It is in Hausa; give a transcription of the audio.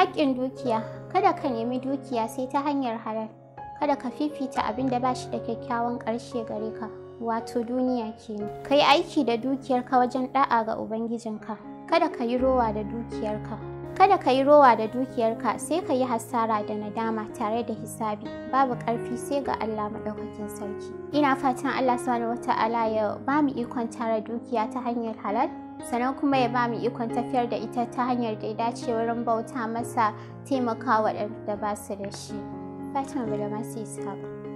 Haƙƙin dukiya kada ka nemi dukiya sai ta hanyar halal kada ka fifita abin da ba shi da kyakkyawan ƙarshe gare ka wato duniya ke ka yi aiki da dukiyarka wajen ɗa'a ga ubangijinka kada ka yi rowa da dukiyarka kada ka yi rowa da dukiyarka sai ka yi hasara da nadama tare da hisabi babu ƙarfi sai ga Allah maɗaukakin sarki ina fatan Allah subhanahu wata'ala ya ba mu ikon tara dukiya ta hanyar halal sannan kuma ya ba mu ikon tafiyar da ita ta hanyar da ya dace wurin bauta masa taimakawa da basu da shi fatima bulama su yi